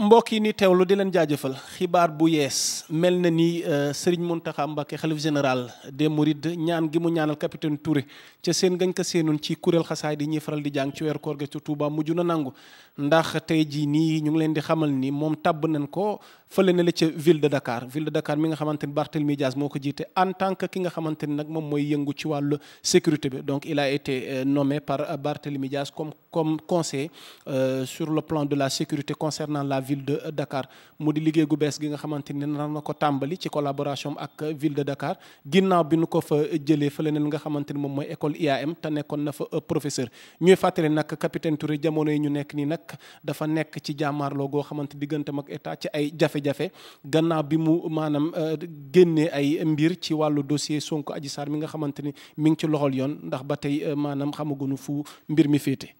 mbokk yi ni teewlu di leen jaajëfal xibaar bu yees mel na ni euh, Serigne Mountakha Mbacké xalif général des Mourides ñaan gi mu ñaanal capitaine Touré ca seen ngañ ko seenoon ci kuréel xasaay di ñuy faral di jàng ci weer koor ga ci Touba mujj na nangu ndax tey jii nii ñu ngi leen di xamal ni moom tàbb nañ ko fële na la ca ville de Dakar ville de Dakar mi nga xamante ni Barthélemy Dias moo ko jiite en tant que ki nga xamante ni nag moom mooy yëngu ci wàllu sécurité bi donc il a été euh, par Barthélemy Dias comme comme conseiller euh, sur le plan de la sécurité concernant la ville de Dakar mu di liggéey gu bees gi nga xamante ni nar na ko tàmbali ci collaboration ak ville de Dakar ginnaaw bi nu ko fa jëlee fa neen nga xamante ni moom mooy école IAM te nekkoon na fa professeur ñuy fàttali nag capitaine Touré jamono yi ñu nekk nii nag dafa nekk ci jàmmaarloo goo xamante diggante mag état ci ay jafe-jafe gannaaw bi mu maanaam euh, génne ay mbir ci wàllu dossier Sonko Adji Sarr mi nga xamante ni mi ngi ci loxol yoon ndax ba tey euh, maanaam xamaguñu mbir mi féete